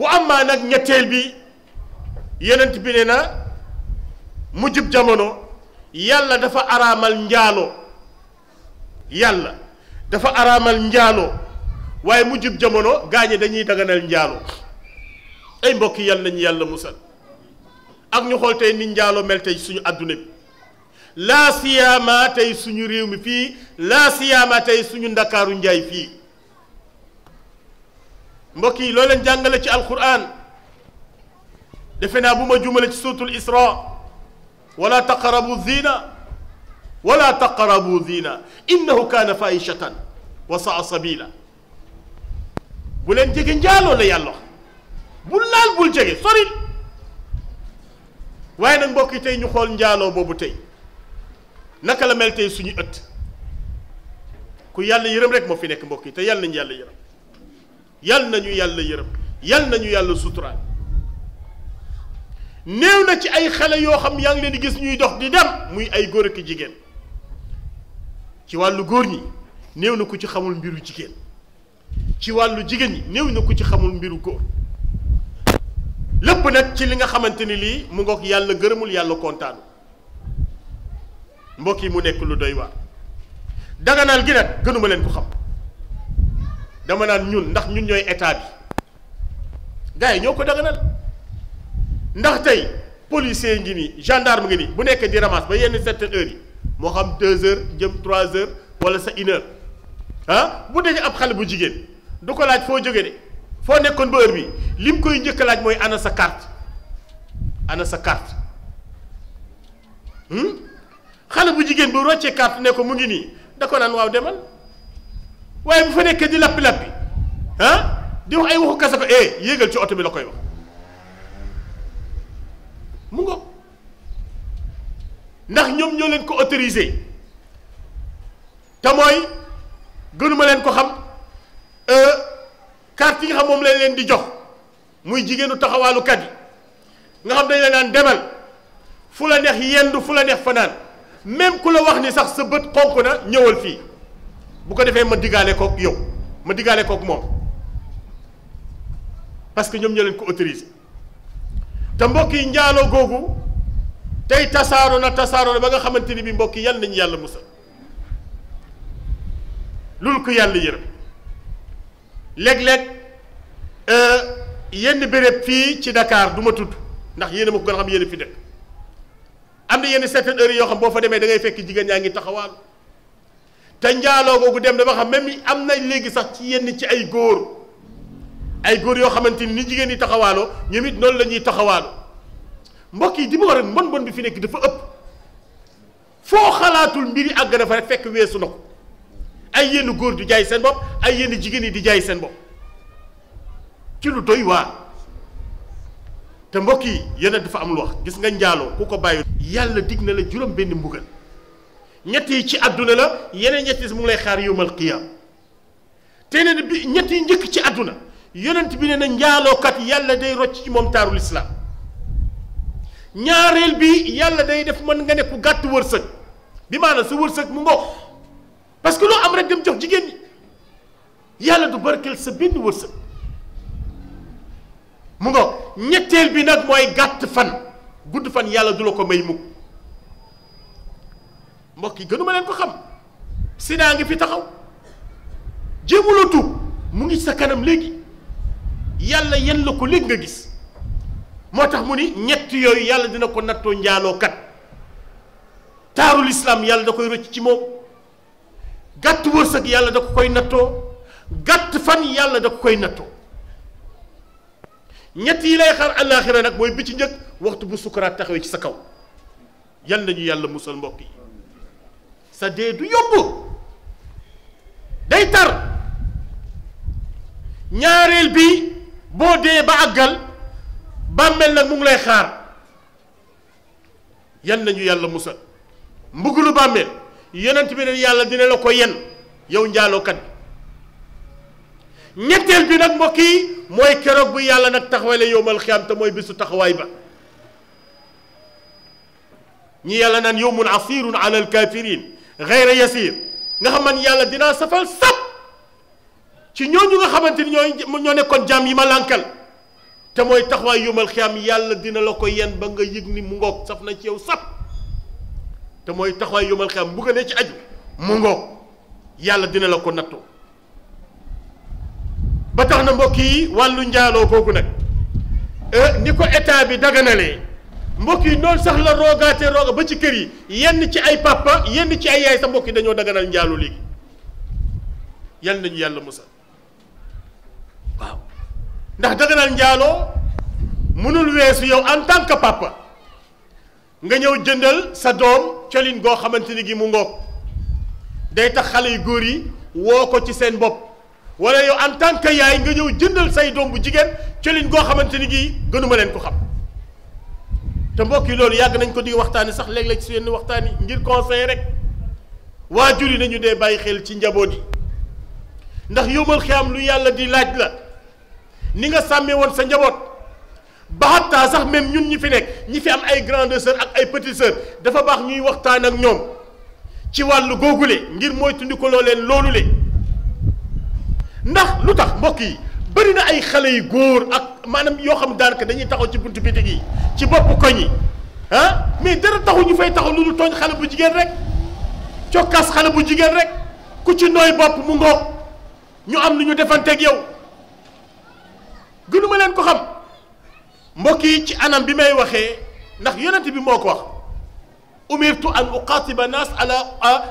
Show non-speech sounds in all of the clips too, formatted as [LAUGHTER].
wa amma nag ñetteel bi yenent bi ne na mujjub jamono yàlla dafa araamal njaaloo yàlla dafa araamal njaaloo waaye mujjub jamono gaañe dañuy daganal njaaloo ay mbokk yàlla nañu yàlla musal ak ñu xool tey ni njaaloo mel tey suñu àdduna bi laa siyaama tey suñu réew mi fii laa siyaama tey suñu ndakaaru njaay fii mbokk yi loo leen jàngale ci alquran defe naa bu ma jumale ci suutul isra wala taqarabu zina wala taqarabu zina innahu kaana faishatan wa saa sabila bu leen jege njaaloo la yàlla bul laal bul jege soril waaye nag mbokk yi tey ñu xool njaaloo boobu tey naka la mel tey suñu ëtt ku yàlla yërëm rek moo fi nekk mbokk yi te yàlla nañ yàlla yal nañu yàlla yërëm yal nañu yàlla suturaal néew na ci ay xale yoo xam yaa ngi leen di gis ñuy dox di dem muy ay góor ak jigéen ci wàllu góor ñi néew na ko ci xamul mbiru jigéen ci wàllu jigéen ñi néew na ko ci xamul mbiru góor lépp nag ci li nga xamante ni lii mu ngoog yàlla gërëmul yàlla kontaanu mbokk yi mu nekk lu doy waar daganal gi nag gënuma leen ko xam dama naan ñun ndax ñun ñooy état bi gars yi ñoo ko daganal ndax tey policier ngi nii gendarme ngi nii bu nekkee di ramasse ba yenn certaines heures yi moo xam deux heures jëm trois heures wala sa une heure ah bu dee ab xale bu jigéen du ko laaj foo jóge de foo nekkoon ba heure bi lim koy njëkk laaj mooy ana sa carte ana sa carte hmm? xale bu jigéen bu roccee carte ne ko mu ngi nii da ko naan waaw demal. waaye bu fa nekkee di lappi lappi ah di wax ay waxu kasaka eh yéegal ci oto bi la koy wax mu ngo ndax ñoom ñoo leen ko autorisé te mooy gënuma leen ko xam euh, carte yi nga xam moom lañ leen di jox muy jigéenu taxawaalu yi nga xam dañ la naan demal fu la neex yendu fu la neex fanaan même ku la wax ni sax sa bët xonk na ñëwal fii bu ko defee ma digaale kook yow ma digaale kook moom parce que ñoom ñoo leen ko autorisé te mbokk yi njaaloo googu tey tasaaro na tasaaro na ba nga xamante ni bi mbokk yi yal nañu yàlla musal loolu ko yàlla yërëm léeg-léeg euh, yenn béréb fii ci Dakar du ma tudd ndax yéen a ma ko gën a xam yéen a fi dëkk am na yenn certaines heures yoo xam boo fa demee dangay ngay fekk jigéen ñaa ngi taxawaalu te njaaloo googu dem dama xam même am na léegi sax ci yenn ci ay góor ay góor yoo xamante ni ni jigéen ñi taxawaaloo ñoom it noonu lañuy taxawaaloo mbokki mbokk yi di ma war mbon mbon bi fi nekk dafa ëpp foo xalaatul mbir yi àgg na fa rek fekk weesu na ko ay yenn góor di jaay seen bopp ay yenn jigéen yi di jaay seen bopp ci lu doy waar te mbokk yi yeneen dafa amul wax gis nga njaaloo ku ko bàyyi. yàlla dig na la juróom benn mbugal. ñett yi ci àdduna la yeneen ñett yi mu ngi lay xaar yowmal qiyaam te ne bi ñett yi njëkk ci àdduna yeneen bi ne na njaalookat yàlla day rocc ci moom taarul islaam ñaareel bi yàlla day def mën nga ne ku gàtt wërsëg bi maanaam su wërsëg mu ngoog parce que loo am rek dem jox jigéen ñi yàlla du barkeel sa benn wërsëg mu ngoog ñetteel bi nag mooy gàtt fan gudd fan yàlla du la ko may mukk mbokk yi gënuma leen ko xam sida ngi fi taxaw jéemula tuub mu ngi sa kanam léegi yàlla yen la ko léegi nga gis moo tax mu ni ñett yooyu yàlla dina ko nattoo njaaloo kat taarul islaam yàlla da koy rëcc ci moom gàtt wërsëg yàlla da koy nattoo gàtt fan yàlla da koy nattoo ñett yi lay xar àllaaxira nag mooy bi ci njëkk waxtu bu sukuraat taxawee ci sa kaw yal nañu yàlla musal mbokk yi sa dee du yóbbu day tar ñaareel bi boo dee ba àggal bàmmeel nag mu ngi lay xaar yan nañu yàlla musal mbugulu bàmmeel yonent bi ne yàlla dina la ko yen yow njaalookat bi ñetteel bi nag mbokk yi mooy keroog bu yàlla nag taxawale yowmal xiyaam te mooy bésu taxawaay ba ñi yàlla naan yowmun asirun ala alkafirin xeyra yasiir nga xam yàlla dinaa safal sap ci ñooñu nga xamante ni ñooy ñoo nekkoon jàmm yi ma lànkal te mooy taxawaay yomal xiyaam yàlla dina la ko yenn ba nga yëg ni mu ngoog saf na ci yow sap te mooy taxawaay yomal xiyaam bu ko ne ci aju mu ngoog yàlla dina la ko nattu ba tax na mbokk yi wàllu njaaloo googu nag eh, ni ko état bi daganale mbokk yi noonu sax la roogaatee rooga ba ci kër yi yenn ci ay papa yenn ci ay yaay sa mbokk yi dañoo daganal njaalu léegi yal nañu yàlla musal waaw ndax daganal njaaloo mënul weesu yow en tant que papa nga ñëw jëndal sa doom colin goo xamante ni gi mu ngoog day tax xale yu góor yi woo ko ci seen bopp wala yow en tant que yaay nga ñëw jëndal say doom bu jigéen colin goo xamante ni gi gënuma leen ko xam te mbokk yi loolu yàgg nañ ko di waxtaani sax léeg-léeg ci yenn waxtaan yi ngir conseil rek waa yi nañu dee bàyyi xel ci njaboot yi ndax yóbbal xiyam lu yàlla di laaj la ni nga sàmmee woon sa njaboot ba xattaa sax même ñun ñi fi nekk ñi fi am ay grande sœur ak ay petite sœur dafa baax ñuy waxtaan ak ñoom ci wàllu googule ngir mooy tundi loo leen loolu le ndax lu tax mbokk yi bëri na ay xale yu góor ak maanaam yoo xam daanaka dañuy taxaw ci buntu bitig yi ci bopp koñ yi ah mais dara taxu ñu fay taxaw lu dul tooñ xale bu jigéen rek cokkaas xale bu jigéen rek ku ci nooy bopp mu ngoog ñu am lu ñu defanteeg yow gënuma leen ko xam mbokk yi ci anam bi may waxee ndax yonent bi moo ko wax umirtu an uqaatiba naas ala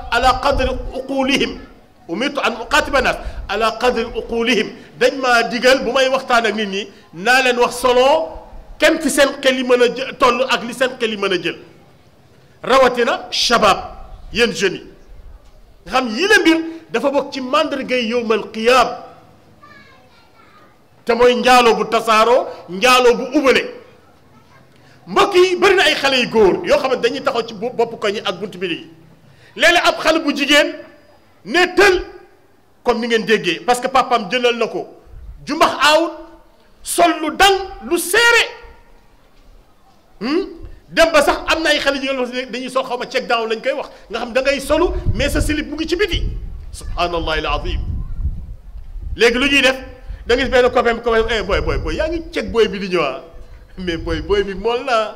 ala qadri uqulihim umirtu an uqaatiba naas ala qadri uqulihim dañ maa digal bu may waxtaan ak nit ñi naa leen wax solo kenn fi seen xel yi mën a jë toll ak li seen xel yi mën a jël rawatina shabab yéen jeunes yi nga xam yii la mbir dafa bokk ci màndargay yowmal qiyaam te mooy njaaloo bu tasaaroo njaaloo bu ubale mbokk yi bëri na ay xale yu góor yoo xam ne dañuy taxaw ci bopp koñ yi ak buntu bi yi léeg ab xale bu jigéen. ne tël comme ni ngeen déggee parce que papam jëlal na ko jumbax aawut sol lu dang lu seere hmm? dem ba sax am na ay xale yu nga dañuy sol xaw ma check down lañ koy wax nga xam da ngay solu mais sa silib mu ngi ci biti subhaanallahi alazim léegi lu ñuy def da ngay benn copain bi copain eh, booy booy booy yaa ngi check booy bi di ñëwaa mais booy booy bi mool naa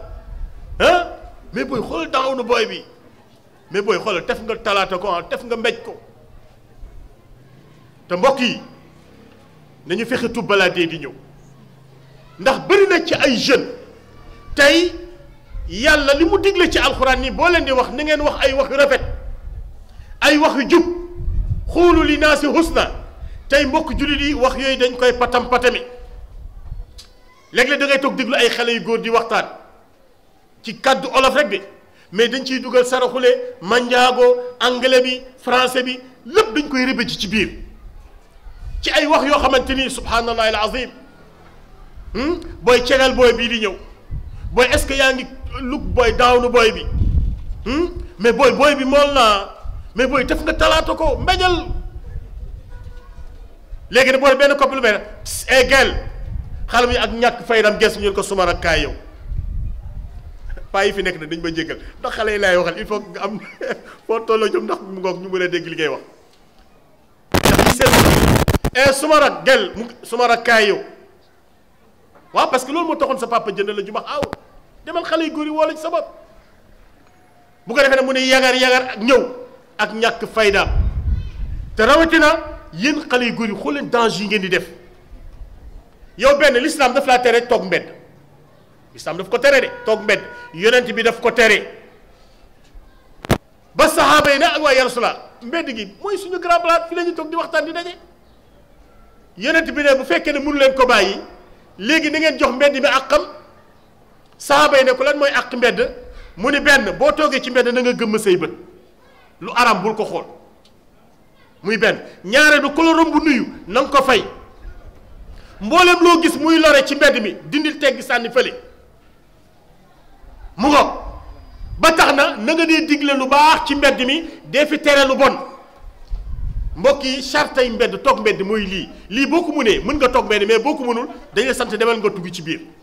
mais booy xoolal daaw na booy bi mais booy xoolal tef nga talaata ko ah tef nga mbej ko te mbokk yi nañu fexe tubbalaa dee di ñëw ndax bëri na ci ay jeunes tey yàlla li mu digle ci alxuraan nii boo leen di wax ni ngeen wax ay wax yu rafet ay wax yu jub xuulu li naa si husna tey mbokk jullit yi wax yooyu dañ koy patam patami léeg-léeg da ngay toog ay xale yu góor di waxtaan ci kàddu olof rek bi mais dañ ciy dugal saraxule manjaago anglais bi français bi lépp dañ koy rëbëj ci biir. ci ay wax yoo xamante ni subhanallah al azim hmm? booy cegal booy bii di ñëw booy est-ce que yaa ngi lug booy daawnu booy bi hmm? mais booy booy bi mool naa mais booy def nga talaata ko mbañal léegi ne booy benn kopp lu mel ne egel eh, xale mi ak ñàkk faydam gees ñu ko sumar ak kaay yow paa yi fi nekk na dañ ma jéggal ndax xale yi laay waxal il faut nga am [LAUGHS] foo tolloo jëm ndax mu ngoog ñu mën a dégg li ngay wax. e eh, su ma rak gel mu su kaay yow waaw parce que loolu moo taxoon sa papa jënd la ju bax aaw demal xale yu góor yi woo la ci sa bopp ko defee ne mu ne yagar yagar ak ñëw ak ñàkk faydaam te rawatina yéen xale yu góor yi xool leen danger yi ngeen di def yow benn l'islam daf laa tere toog mbedd l'islam daf ko tere de toog mbedd yonent bi daf ko tere ba saxaaba yi ak waa yarsulaa mbedd gi mooy suñu grand place fi la toog di waxtaan di daje. yonent bi ne bu fekkee ne mënu leen ko bàyyi léegi na ngeen jox mbedd mi àqam saaba yi ne ko lan mooy àq mbedd mu ni benn boo toogee ci mbedd na nga gëmm say bët lu aram bul ko xool muy benn ñaare du kolorom bu nuyu na ko fay mboolem loo gis muy lore ci mbedd mi dindil tegg sànni fële mu ngoog ba tax na na nga digle lu baax ci mbedd mi dee fi tere lu bon mbokk yi chartay mbedd toog mbedd mooy lii lii boo ko mënee mën nga toog mbedd mais boo ko mënul dañuy sant demal nga tugg ci biir